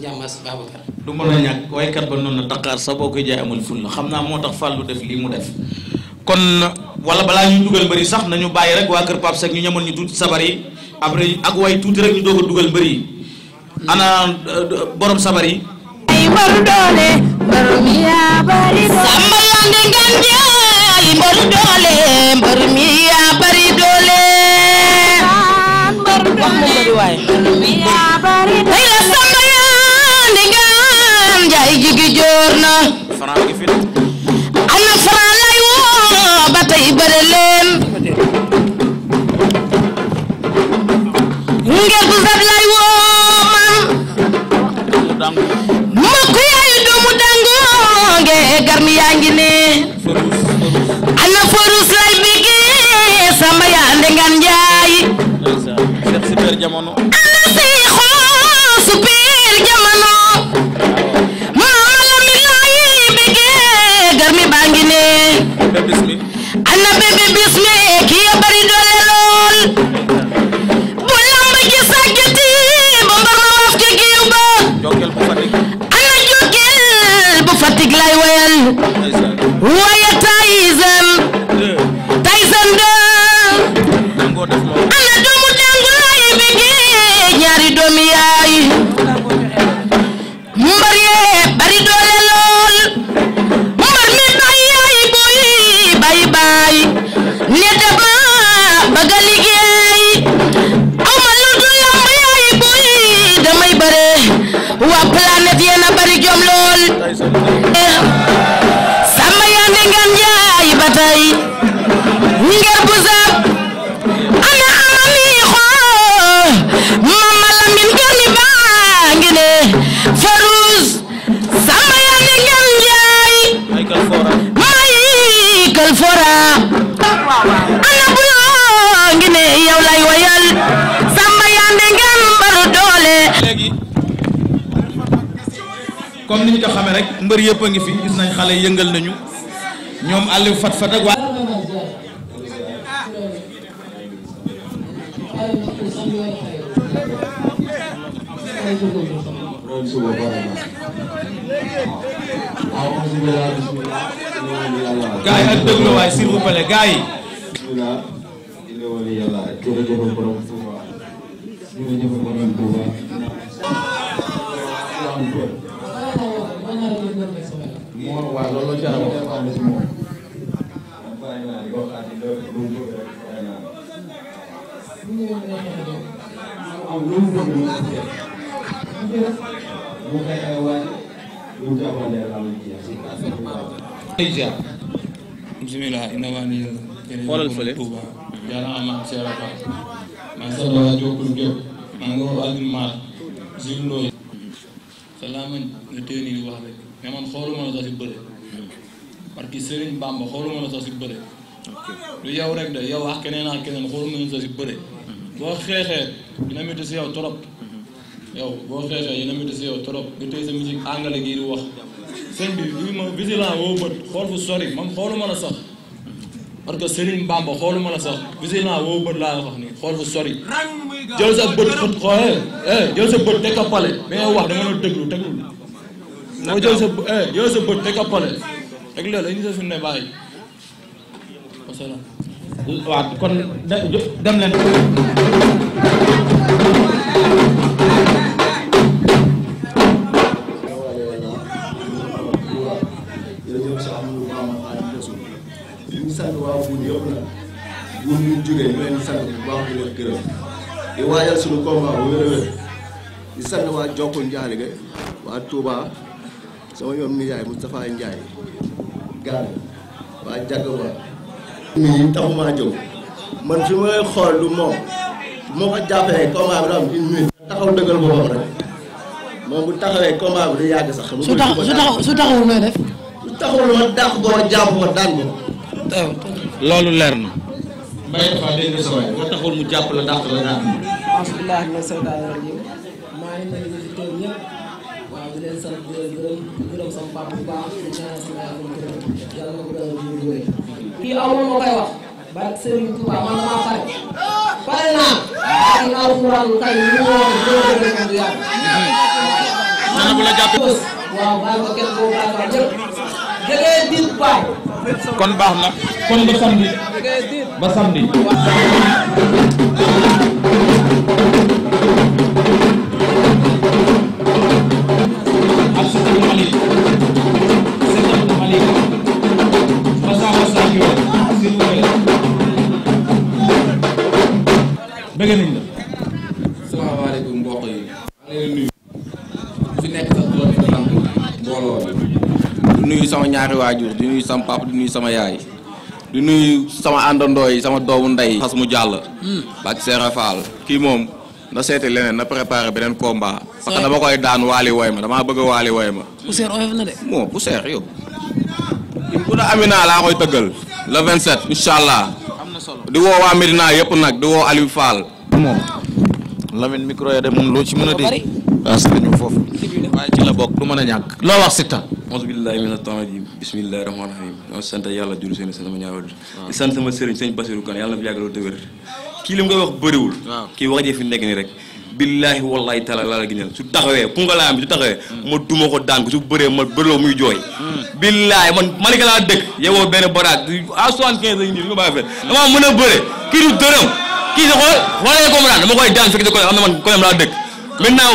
njàmbaas Babacar du mën a ñàkk waykat ba noonu na daqaar sa boo koy jaay amul ful la xam naa moo tax fàllu def lii mu def kon wala balaa ñu dugal mbëri sax nañu bàyyi rek waa kër Pape Seck ñu ñamoon ñu tuuti sabar yi après ak way tuuti rek ñu doog a dugal mbëri yi ana euh, borom sabar yi ay mbaru doole mbaru mi yaa bari doole mbaru doole mbaru mi yaa bari doole njaay jigi joor na ana Franc lay ba tey bëre leen ngel bu zab lay woo man makk yaayu doomu dango nge garmi yaa ngi ne ana forus lay bigi samba yaa ndengan njaay mbër yëpp a ngi fi gis nañ xale yëngal nañu ñoom Aliou Fat Fat ak waa gaay ak déglu waay s'il vous plaît gaay waaw loolu ci am bismillah ina waa nii xoolal fële yàlla amaan seera fa man sa doon a jokkul jóg man nga waa Alioune Mar Zil Ndoye laamin nga téye nii di wax rek mais man xooluma la sax si bëre parce que Serigne Bamba xooluma la sax si bëre lu yow rek de yow ak keneen ak keneen xooluma la sax si bëre boo xeexee dina métti si yow trop yow boo xeexee dina métti si yow trop nga téye sa musique angale gii di wax sëñ bi bi ma vigilant woo bët xool fu sori man xooluma la sax parce que Serigne Bamba xooluma la sax vigilant woo bët laa wax ni xool fu sori jël sa bët xët xool eh, eh, jël sa bët teg ko pale wax da nga doon déglu déglu moo jël sa eh, jël sa bët teg ko dañu sa sunne bàyyi waaw kon dem leen sant waaw bu ñëw nag bu ñu jógee ñu leen di leen gërëm di waajal suñu combat bu wér-wér di sant waa Jokkul Njaani ga waa Touba sama ñoom nijaay Moustapha Ndiaye Gane waa Jagaba. mii taxumaa jóg man fi may xool du moom moo ko jàppee combat bi da am une minute. taxaw dëggal boppam rek moom bu taxawee combat bi du yàgg sax. su taxaw su taxaw su def. su taxawul loolu leer Mbaye Tafa dégg nga sa waay boo taxoon mu jàpp la dàq la dàq. alhamdulilah ma seytaane rajim maa ngi nuyu di toog ñëpp waaw di leen sant di leen gërëm di gërëm sama papa bu baax di ñaanal sama yaay bu gërëm yàlla na ko dalal bu ñu wëree. kii amul ma koy wax. barke Serigne Touba man damaa pare. pare naa. ak alxuraan kay li mu wax doo ko dégg du yàgg. nana bu la jàppee. waaw bàyyi ko kenn boobu bàyyi ko ñëpp. jëlee biir Pape. kon baax na kon ba samedi ba samedi bëgg nañ la sama ñaari waajur di nuyu sama papa di nuyu sama yaay di nuyu sama àndandoo yi sama doomu ndey xas mu jàll hmm. bak seera Fall kii moom na seeti leneen na préparé beneen combat parce que dama koy daan waali woy ma damaa bëgg a waali woy ma poussière oyof na de bon poussière yow bu da Amina laa koy am na solo di woo waa Medina yëpp nag di woo Aliou Fall moom Lamine micro ya moom loo ci mën a dégg waaw sëriñ foofu waaye ci la bokk du a ñàkk loo wax Siteu auzu billaahi mina ma sant yàlla jur seen sant sama ñaawal di sant sama sëriñ sëñ Basiru Kan yàlla na fi yàgg loolu te wér kii li mu koy wax bëriwul kii wax jee fi laa bi su taxawee hmm. ma duma ko daan ko su bëree ma bërloo muy jooy hmm. billaahi man Malika laa dëkk yowoo benn baraag à soixante-quinze lañu nii du ko bàyyi fenn damaa mën a bëre kii du dërëm kii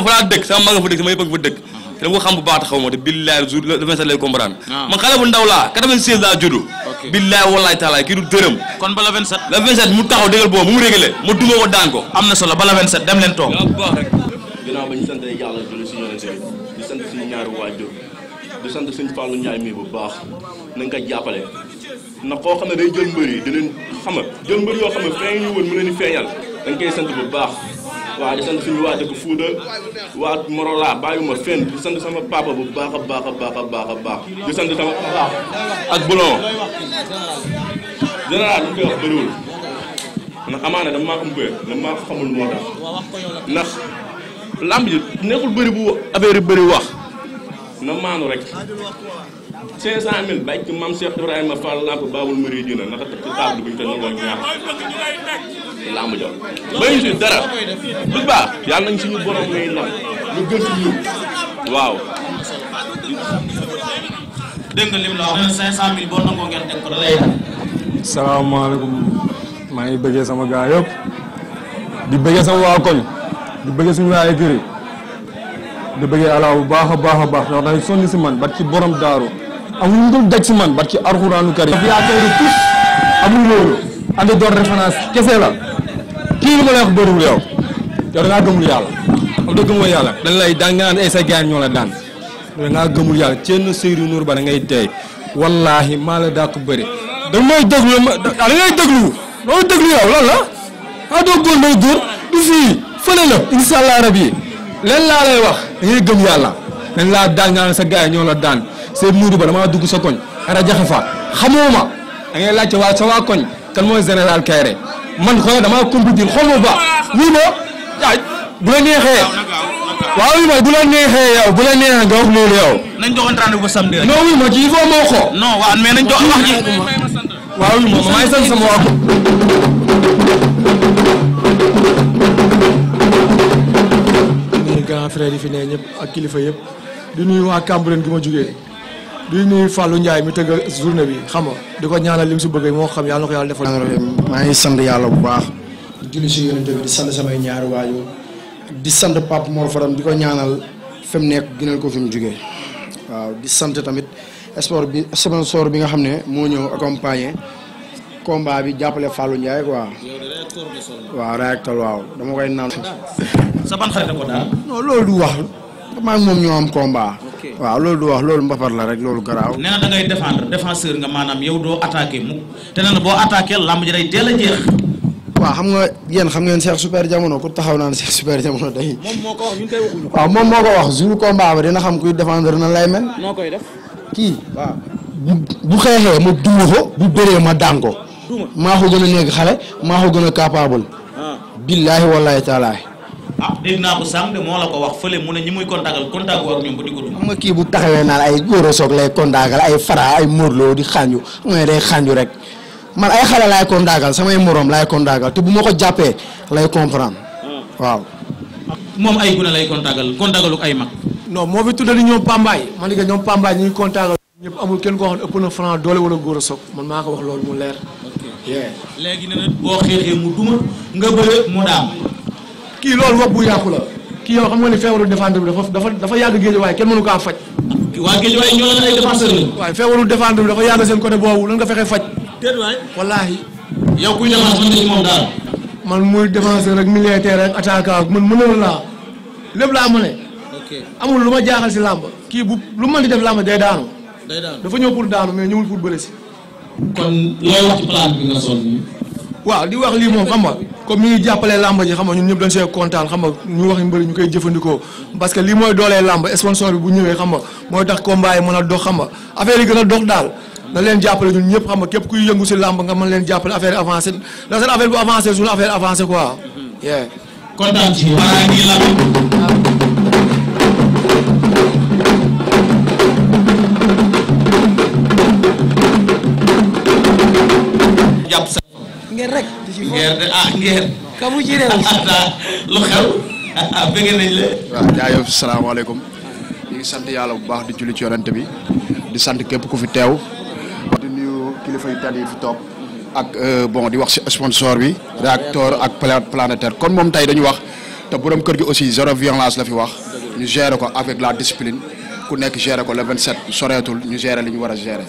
fa dëkk sama mag fa dëkk sama yëpp fa dëkk dama ko xam bu baax te xaw ma te billaay jour le vingt sept lay comprendre. Ah. man xale bu ndaw laa 96 laa judd. ok billaay walaay taalaay kii du dërëm. kon ba le vingt sept. le mu taxaw dëggal boobu mu réglé ma duma ko daan ko. am na solo ba le vingt sept leen toog. waaw bu baax rek. ginnaaw ba ñu sant yàlla julli si ñaari waajur di sant suñu Fallou Ndiaye mii bu baax nañ jàppale na koo xam ne day jël mbër yi dinañ xam jël mbër yoo xam ne feeñ ñu woon mu feeñal dañ koy sant bu baax waa di sant suñu waa dëkk Fuuta waa Morola bàyyiwuma fenn di sant sama papa bu baax a baax a baax a baax a baax di sant sama papa ak bulon général lu ñu koy wax bëriwul ndax amaana dama maa dama xamul moo tax ndax lamb ji nekkul bëri bu affaire yi bëri wax na maanu rek 500000 bàyyi ci maam Cheikh Ibrahima Fall lamp baabul mëri dina naka teg ci table bi ñu ko ñëw làmb ja bañu yàlla nañ suñu waaw dégg nga maa ngi bëggee sama gaa yëpp di bëggee sama waa koñ di bëggee suñu waa écurie di bëggee alaaw bu baax a baax a baax ndax dañu sonni si man bat ci borom daaru amul dul daj si man bat ci arxuraanu karim yaa kay di andi door référence kese la kii lu ma lay wax bëriwul yow yow da ngaa gëmul yàlla am gëmul yàlla dañ lay daan sa gaan ñoo la daan da yàlla ceen Seydou Nour ba da ngay tey wallaahi maa la daa ko bëri da ngay ah, da ngay déglu loolu déglu yow lan la ah doo góor doo góor du fii fële la incha allah rabi leen laa lay wax da gëm yàlla dañ laa daan sa gars yi ñoo la daan Seydou Nour ba damaa dugg sa koñ rajaxe fa xamoo ma da ngay laajte waa sa waa koñ kan mooy général Kairé man xoola damaa compétir xaw ma ba wii ma ah la neexee. waaw wii la neexee nga wax loolu yow. wii ma ci il moo ko. non waaw mais nañ jox wax ji. waaw wii ma maa ngi sant sama waa grand frère kilifa yëpp di nuyu waa Cambérène gi ma jugee. di nuyu Fallou Ndiaye mi tëgg journée bi xam nga di ko ñaanal li si bëgg moo xam yàlla na ko yàlla defal. maa ngi sant yàlla bu baax. di julli si yonent sant samay ñaari waajur di sant Pape Mor Fadam di ko ñaanal fi mu nekk gënal ko fi mu jugee waaw di sant tamit sport bi sponsor bi nga xam ne moo ñëw accompagner combat bi jàppale Fallou Ndiaye quoi. waaw réacteur waaw dama koy naan. sa ban xarit ko daal. non loolu du wax. maa moom ñoo am combat. waaw loolu du wax loolu mbafar la rek loolu garaaw. nee na da défenseur nga maanaam yow doo attaqué mu te nee na boo attaqué làmb ji day teel a jeex. xam nga yéen xam ngeen Cheikh Super Jamono ku taxaw naan Cheikh Super Jamono day. moom moo ko wax ñun kay waxuñu ko wax jour dina xam kuy défendre na lay mel. noo koy def. kii waaw. bu xeexee ma duuma ko bu bëree ma daan ko. maa ko gën a nekk xale maa ko gën a capable. Ah. billaahi wallaahi taalaahi. ah dégg naa ko sànq de moo la ko wax fële mu ne ñi muy contactal contact war ñoom ba di ko duma xam nga kii bu taxawee naan ay góor a soog lay contactal ay fara ay morloo di xànju xam nga day xànju rek man ay xale laay contactal samay morom laay contactal te bu ma ko jàppee lay comprendre hmm. waaw. moom ay gune lay contactal contactalu ay mag. non moo fi tuddee ñoom Pambaay man de ñoom Pambaay ñu ngi contactal amul kenn koo xam ne ëpp na franc doole wala góor a soog man maa ko wax loolu mu leer. léegi nag boo xeexee mu kii loolu wopp bu yàqu la kii yow xam nga ne feebaru défendre bi dafa dafa dafa yàgg géej waaye kenn mënu kaa faj. waa géej waaye ñoo leen ay défenseur lañu. waaye feebaru défendre bi dafa yàgg seen côté boobu lan nga fexe faj. déet waay wallaahi. yow kuy défense mën nga man muy défenseur ak militaire laa lépp laa mëne. ok amul lu ma jaaxal si làmb kii bu lu mën di def làmb day daanu. day daanu dafa ñëw pour daanu mais ñëwul pour bëre si. kon looy wax ci di wax lii moom xam comme ñu ngi jàppalee làmb ji xam nga ñun ñëpp dañ see kontaan xam nga ñu wax mbëri ñu koy jëfandikoo parce que lii mooy doolee làmb sponsor bi bu ñëwee xam nga mooy tax combat yi mën a dox xam nga affaire gën a dox daal na leen jàppale ñun ñëpp xam nga képp kuy yëngu si làmb nga mën leen jàppale affaire avancé la seen affaire bu avancé suñu affaire avancé quoi ngeer rek. de ah ngeer. kamu ci réew. lu xew. ah bëgg nañ la. waaw jaajëf salaamaaleykum. ñu ngi sant yàlla bu baax di julli ci yonent bi. di sant képp ku fi teew. di nuyu kilifa yu tedd yi fi toog. ak euh, bon di wax si sponsor bi. réacteur ak planétaire kon moom tey dañu wax. te borom kër gi aussi zéro violence la fi wax. ñu gérer ko avec la discipline. ku nekk gérer ko le 27 soreetul ñu gérer li ñu war a gérer.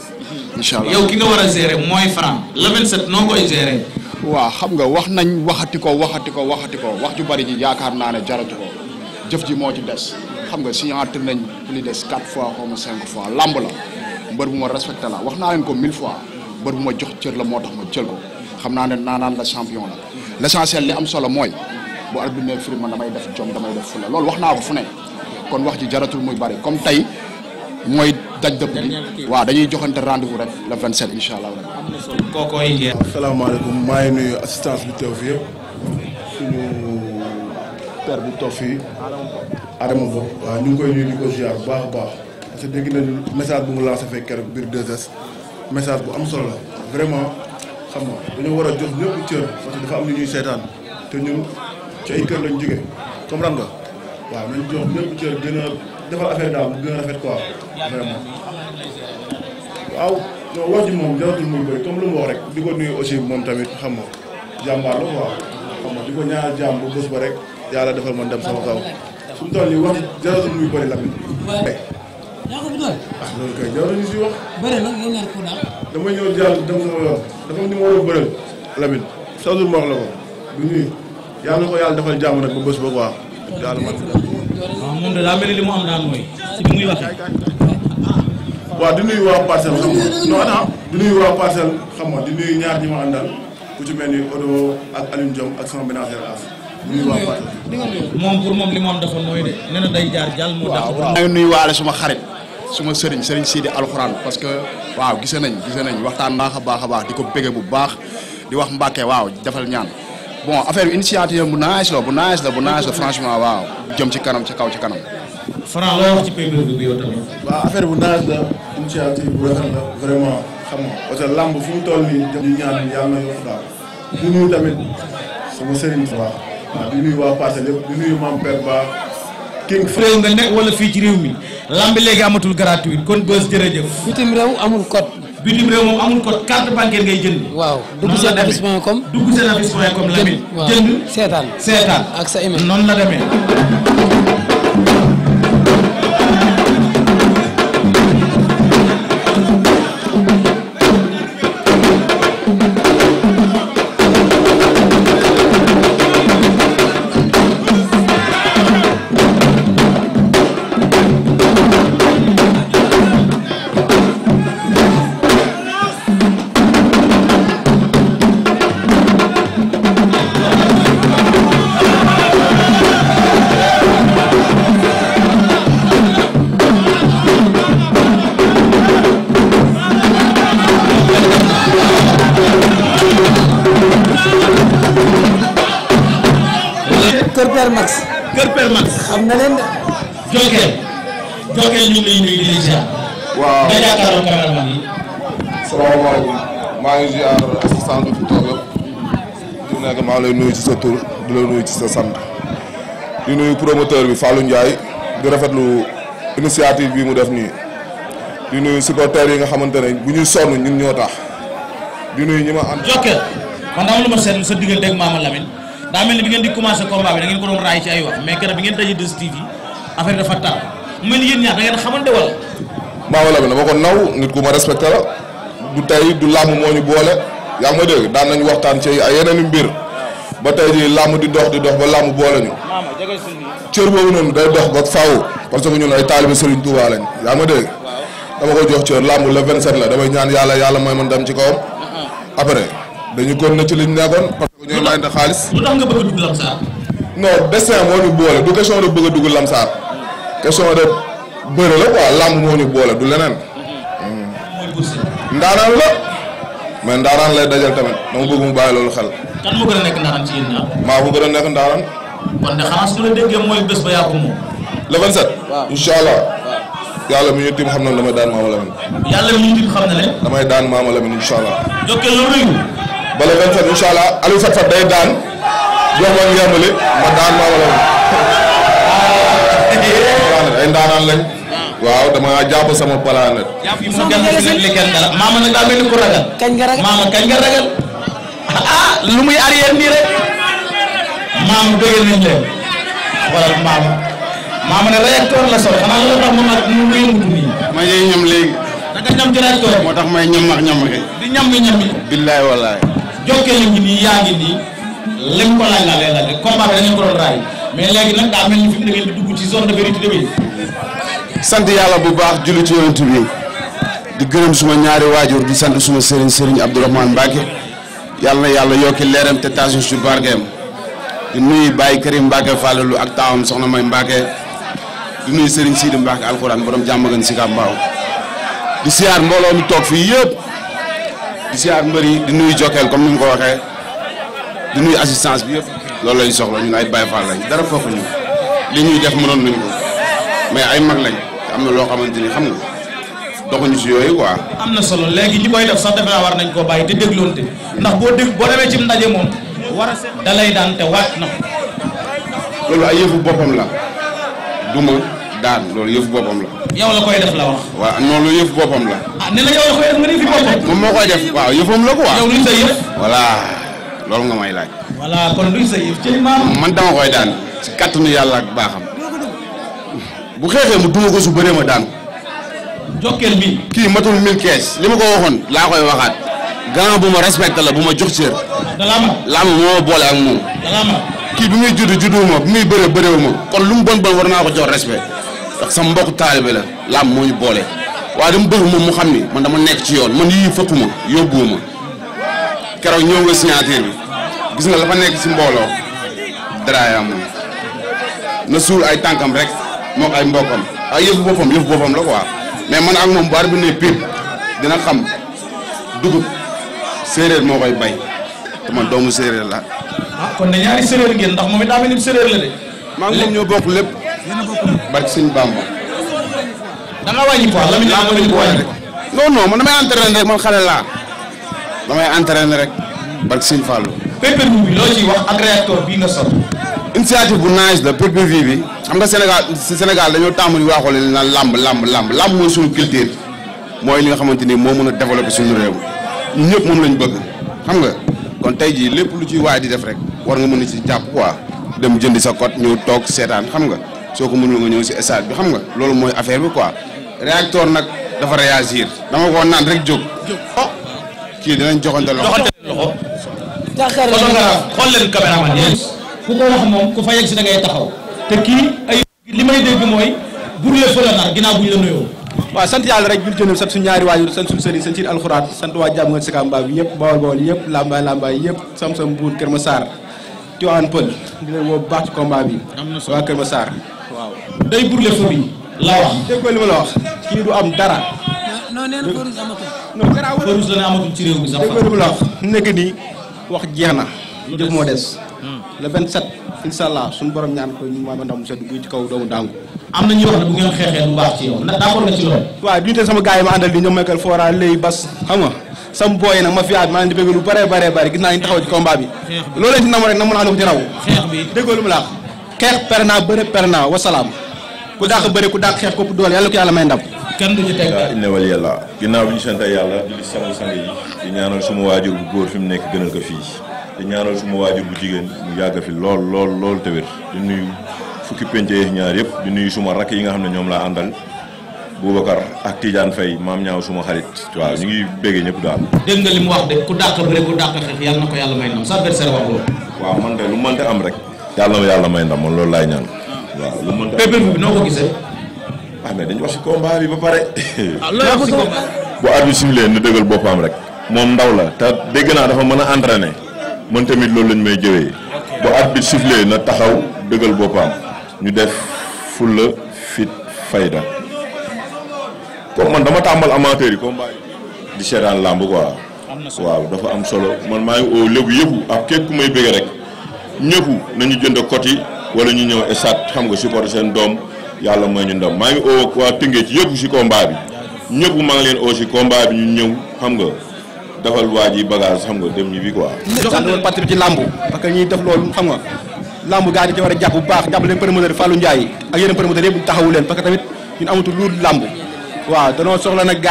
incha allah yow ki nga war a gérer mooy Franc le 27 noo koy gérer. waaw xam nga wax nañ waxati ko waxati ko waxati wax ju bari ji yaakaar naa ne jaratu ko jëf ji moo ci des xam nga signature nañ plus des quatre fois xaw ma cinq fois lamb la mbër bu ma respecté la wax naa leen ko mil fois mbër bu ma jox cër la moo tax ma jël ko xam naa ne naan la champion la l'essentiel li am solo mooy bu arbitre bi ne firi man damay def jom damay def fula loolu wax naa ko fu ne. kon wax ji jaratul muy bari comme tey mooy daj dëpp bi waaw dañuy joxante rendez-vous rek la 27 incha allah. am na solo kooku ay ngeen. asalaamaaleykum maa ngi nuyu assistance bi teew fii yëpp suñu père bi toog fii Adama Ba waaw ñu ngi koy nuyu di ko ziar baax a baax parce que dégg nañu message bu mu lancé fekk keroog biir 2S message bu am solo la vraiment xam nga dañoo war a jox ñëpp cër parce que dafa am lu ñuy seetaan te ñun ci ay kër jigéen comme comprendre nga. waaw nañ jox ñëpp defal affaire daal bu gën a rafet quoi vraiment waaw non wax ji moom jaratul muy bëri comme lu mu wax rek di ko nuyu aussi moom tamit xam nga jàmbaar la quoi xam nga di ko ñaanal jàmm bu bés ba rek yàlla defal man dem sama kaw su mu wax ji muy bëri la ah, loolu kay jarul ñu si wax. bëri damay ñëw jàll dem sama yoon dafa am ni ma war a bëral sa jour ma wax la ko. bu ñuy yàlla na ko yàlla defal jàmm nag ba bés ba quoi. waaw moom daa mel ni mu am daal mooy si muy waxee. waaw di nuyu waa parcelle xam nga non di nuyu waa parcelle xam nga di nuyu ñaar ñi ma àndal ku ci mel ni Odo ak Alioune Diom ak sama ménagère as di nuyu waa parcelle. moom pour moom li mu am dafa nooy de nee day jaar jàll moo tax. waaw waaw nuyu waale suma xarit. suma sëriñ sëriñ Sidi alxuraan parce que waaw gise nañ gise nañ waxtaan naax a baax a baax di ko bëgge bu baax di wax Mbàkke waaw defal ñaan. bon affaire bi bu nice la bu nice la bu nice la franchement waaw. jëm ci kanam ci kaw ci kanam. Franc loo wax ci pay-per-view bi yow tamit. waaw affaire bu nice la initiative bu rafet la vraiment xam nga parce que lamb fu mu toll nii ñu ñaan yàlla na yokk daal. di nuyu tamit sama sëriñ. waaw waaw di nuyu waa Parcelles yëpp di nuyu Maam Père Ba. King Frère nga nekk wala fii ci réew mi. lamb léegi amatul gratuit kon bës jërëjëf. bitim réew amul code. bitim réew moom amul code carte bancaire ngay jënd. waaw dugg seen affiche point com dugg seen affiche point com la. jënd waaw jënd seetaan seetaan. ak sa email noonu la demee. Kokel ñu ngi di la ziar. yi. maa ngi ziar assistant bi fi toog yëpp. ci sa tur di la ci sa sant. di nuyu promoteur bi Fallou Ndiaye di rafetlu initiative bi mu def nii. di nuyu supporters yi nga xamante ne bu ñuy sonn ñun ñoo tax. di nuyu ñi ma am. Jokal man dama lu ma seetlu sa diggante ak Mama Lamine daa mel ni bi ngeen di commencé combat bi da ngeen ko doon raay ci ay wax mais keroog bi ngeen daje 2STV yi dafa tar. mel a ñaar da ngeen xamante wala. Mama Lamine dama ko naw nit ku ma respecté la du tey du làmb moo ñu boole yaa ngi ma dégg daan nañu waxtaan ci ay yu mbir ba tey jii làmb di dox di dox ba làmb boole ñu. cër boobu noonu day dox ba faaw parce que ñun ay taalibe Serigne Touba lañ yaa ngi ma dégg. dama koy jox cër làmb le 27 la damay ñaan yàlla yàlla mooy man dem ci kawam. Uh-huh. après dañu kon na ci liñ nekkoon parce que ñooy mayante xaalis. lu a dugg Lamsaar. destin moo ñu boole du question de bëgg a dugg Lamsaar. question de bëre la quoi làmb moo ñu boole du leneen. Hmm. ndaanaan la mais ndaanaan lay dajal tamit dama bëgg mu bàyyi loolu xel. kan moo gën a nekk ndaanaan ci yéen ñaar. maa ko gën a nekk ndaanaan. kon de xanaa su la déggee mooy bés ba yàqu moom. le 27. waaw yàlla mi ñu tim xam na damay daan Maama Lamine. mi ñu tim xam na ne. damay ba le 27 incha allah Aliou Fatfat day daan jox ma ngembali ma daan Maama Lamine. ay ndaanaan lañ. waaw dama jàpp sama planète. jàpp yi mu dellu li kenn dara maama mel ni ku ragal. kañ kañ nga ragal. ah lu muy arrière nii rek. maam bëgg nañ leen. xoolal ne réacteur la sol xanaa loolu tax moom ak mu ngi yëngu nii. ñam léegi. da ñam ci moo tax may ñam ak ñam di ñam bi ñam bi. billaay ñu nii yaa ngi nii. lim ko laaj laa leen laaj combat bi dañu ko doon raay mais léegi nag daa mel ni fi mu da ngeen di dugg ci zone de vérité bi. sant yàlla bu baax julli ci yonent bi di gërëm suma ñaari waajur di sant suma sëriñ sëriñ Abdourahmane Mbacke yàlla na yàlla yokki leeram te tasu sur barkeem di nuyu Baye Karim Mbacke Fallou ak taawam soxna May Mbacke di nuyu sëriñ Sidi Mbacke alxuraan borom jàmmagan si Kambaaw di siyaar mbooloo mi toog fii yëpp di siyaar mbër yi di nuyu Jokal comme ni mu ko waxee. di nuyu assistance bi yëpp loolu lañ soxla ñun ay Baye Fall lañ dara foofu ñu li ñuy def mënoon nañ mais ay mag lañ am na loo xamante ni xam nga doxuñu si yooyu quoi. na solo léegi ñi koy def sax defe naa war nañ koo bàyyi te dégloonte ndax boo dégg boo demee ci ndaje moom war a lay daan te waat ay yëfu boppam la duma daan loolu yëfu boppam la. yow la koy def la wax. waaw non loolu yëfu boppam la. ah nee na yow la koy waaw yëfam la quoi. yow loolu nga may laaj. voilà kon luy sa yëf ci limaam man dama koy daan si kàttanu yàlla ak baaxam. bu xeexee mu duma ko bëree ma daan. jokkeel bi. kii matul mille li ma ko waxoon laa koy waxaat. grand bu ma respecté la bu ma jox cër. dalaama laama moo boole ak moom. kii bi muy judd judduwuma bi muy bëree bëreewuma kon lu mu bon bon war naa ko jox respect ndax sama mbokku taalibe la laam moo ñu boole waaye dama bëgg mu xam ni man dama nekk ci yoon man yii fëkkuma yóbbuwuma. keroog ñëw nga signature bi gis na la fa nekk ci mbooloo moom na suul ay tànkam rek mook ay mbokkam ay yëfu boppam yëfu boppam la quoi mais man ak moom baar bu ne piip dina xam dugub séeréer moo koy bay te man doomu séeréer la ah kon ne ñaari ndax moom it daa mel ni séeréer la de. maa ngi moom ñoo bokk lépp. barke sëñ Bamba. da nga wàññi poids la. daa ma man damay entraîné rek man xale damay entraîner rek barke Sëñ Fallou. pay-per-view bi loo ciy wax ak réacteur bii nga sot initiative bu nice la pay per bi xam nga Sénégal si Sénégal dañoo tàmbali waaxoole na làmb làmb làmb làmb mooy suñu culture mooy li nga xamante ni moo mën a développer suñu réew ñun ñëpp moom lañ bëgg xam nga kon tey jii lépp lu ciy waay di def rek war nga mën a ci jàpp quoi dem jëndi sa code ñëw toog seetaan xam nga soo ko mënul nga ñëw si stade bi xam nga loolu mooy affaire bi quoi réacteur nag dafa réagir ko kii dinañ joxante loxo joxante loxo. jàkkaar la xool leen caméraman yéen ku ko wax moom ku fa yegg si da taxaw te kii ay li may dégg mooy burle fa la nar bu ñu la nuyoo. waaw yàlla rek jul jënam sant suñu ñaari waajur sant suñu sëriñ sant suñu alxuraan sant waa jàmm nga sika mbaa bi yëpp bawol bawol yëpp lambaay lambaay yëpp sam-sam buur Kër Massar Tiwaan Pël di leen woo bu baax ci combat bi waa Kër Massar waaw day burle fa bi laa wax déggoo li ma la wax kii du am dara non nee na la ne amatul ci réew mi sax. la nekk nii wax jeex na. jëf moo des. Hmm. le 27 incha allah suñu borom ñaan ko ñu waa ndam sedd guy ci kaw doomu dàngu. am na nga ci loolu. lu a ko ci raw. xeex bi déggoo lu mu laax. xeex per naa bëre per naa wasalaam ku dàq bëre ku dàq xeex ko doole yàlla ko yàlla may ndam kan du ñu teg daal inna wali yàlla ginnaaw bi ñu sant yàlla di sangu sang yi di ñaanal suma waajur bu góor fi mu nekk gënal ko fii di ñaanal suma waajur bu jigéen mu yàgg fi lool lool lool du wér di nuyu fukki ñaar yëpp du nuyu suma rakk yi nga xam ne ñoom laa àndal Boubacar ak Tidiane Faye maam ñaaw suma xarit waaw ñu ngi béggee ñëpp daal dégg nga li mu wax de ku dàq bëre ku dàq xeex yàlla na ko yàlla may ndam sa adversaire wax loolu waaw am rek yàlla yàlla may ndam man loolu laay ñaan ah mais dañu wax si combat ba pare. ah looy wax si combat bu aadu simile na dëggal boppam rek. moom ndaw la te dégg naa dafa mën a entraîner man tamit loolu lañ may jëwee bu arbitre sifflé na taxaw dëggal boppam ñu def fulla fit fayda comme man dama tàmbal amateur yi combat yi di seetaan làmb quoi waaw dafa am solo man maa ngi oo lébu yëpp ak képp ku may bëgg rek ñëpp nañu jënd koti wala ñu ñëw esat xam nga supporter seen doom yàlla mooy ñu ndam maa ngi oo waa Tëngéej ci yëpp si combat bi ñëpp maa leen oo si combat bi ñu ñëw xam nga dafal waa ji bagage xam nga dem ñu bi quoi. loolu bi ci def a jàpp bu baax jàpp leen leen parce que tamit ñun amatul lu làmb waaw danoo soxla nag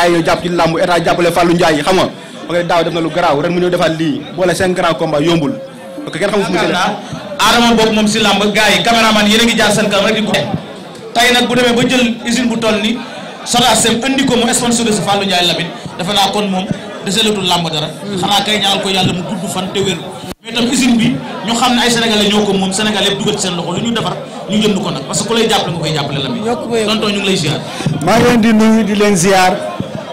na lu garaaw ren mu ñëw defaat lii boole cinq grands combats yombul parce kenn xamul fu mu Adama boobu moom si làmb gars yi caméraman yéen a ngi jaar seen kanam rek di tey nag bu demee ba jël usine bu toll ni SODACEM andi ko mu sponsorisé Fallou Ndiaye Lamine defe naa kon moom deseletul làmb dara. xanaa kay ñaanal ko yàlla mu gudd fan te wér. mais tam usine xam ne ay sénégalais moom sénégalais yëpp dugal ci seen loxo lu ñu ñu jënd ko nag parce que ku lay jàppale nga koy jàppale Lamine. tonton ñu di leen ziar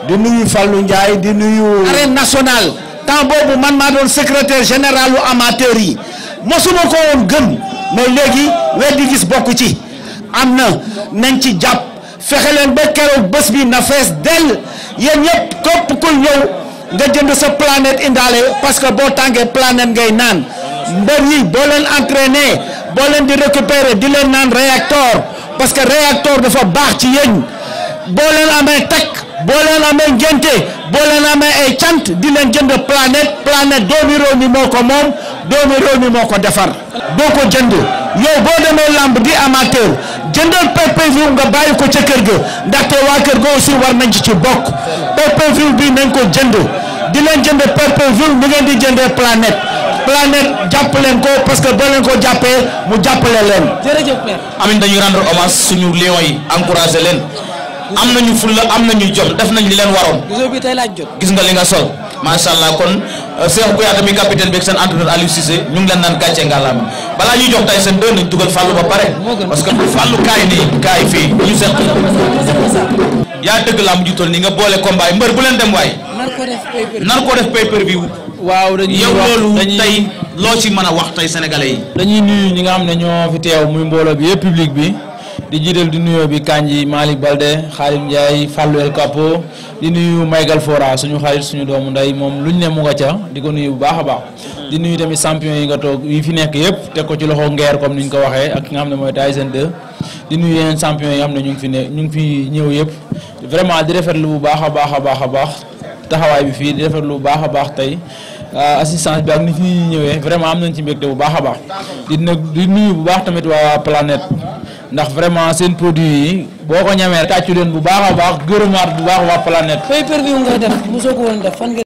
di nuyu Fallou Ndiaye di nuyu. arène nationale. temps boobu man maa doon secrétaire général lu amateur yi mosuma ko woon gën mais léegi weddi gis bokk ci. am na nañ ci jàpp fexe leen ba keroog bés bi na fees dell yéen ñëpp képp ku ñëw nga jënd sa planète indaale parce que boo tàngee planète ngay naan mbër yi boo leen entraîné boo leen di récupérer di leen naan réacteur parce que réacteur dafa baax ci yéen boo leen amee takk boo leen amee ngénte boo leen amee ay cant di leen jënd planète planète doomi réew mi moo ko moom doomi réew moo ko defar boo ko jënd yow boo demee làmb di amateur jëndal pay-per-view nga bàyyi ko ca kër ga ndaxte waa kër ga aussi war nañ ci ci bokk pay-per-view bi nañ ko jënd di leen jënd pay view ni ngeen di jëndee planète planète jàpp leen ko parce que boo leen ko jàppee mu jàppale leen. jërëjëf père. amiin dañuy rendre hommage suñu lion yi encouragé leen am nañu fulla am nañu jom def nañ li leen waroon. réseau bi tey jot. gis nga li nga sol macha allah kon. Euh, Cheikh Kouyaté mi capitaine bi ak seen entraîneur Aliou Cissé ñu ngi leen naan gàcce ngàllaama balaa ñuy jox tay seen deux nañ dugal fàllu ba pare parce que bu fàllu kaay nii kaay fii ñu seq yaa dëgg laa mujj toll nii nga boole combat mbër bu leen dem waay nar ko def pay bi view waaw dañuy yow loolu tey loo ci mën a wax tey sénégalais yi dañuy nuyu ñi nga xam ne ñoo fi teew muy mbooloo bi yëpp public bi di jiital di nuyoo bi Kandji Malick Balde Khadim Ndiaye Fallou El Capo di nuyu Michael Fora suñu xaalis suñu doomu ndey moom lu ñu ne mu nga ca di ko nuyu bu baax a baax di nuyu tamit champion yi nga toog yi fi nekk yëpp teg ci loxo ngeer comme niñ ko waxee ak ki xam ne mooy Tyson 2 di nuyu yeneen yi nga xam ñu ngi fi ne ñu ngi fi ñëw yëpp vraiment di rafetlu bu baax a baax a baax a baax taxawaay bi fii di rafetlu baax a baax tey ah, assistance bi ak ni fi ñëwee vraiment am nañ ci mbégte bu baax a baax di bu baax tamit waa planet ndax vraiment seen produit yi boo ko ñamee tàccu leen bu baax a baax gërëmaat bu baax waa planète. fay per nga def mosoo ko woon def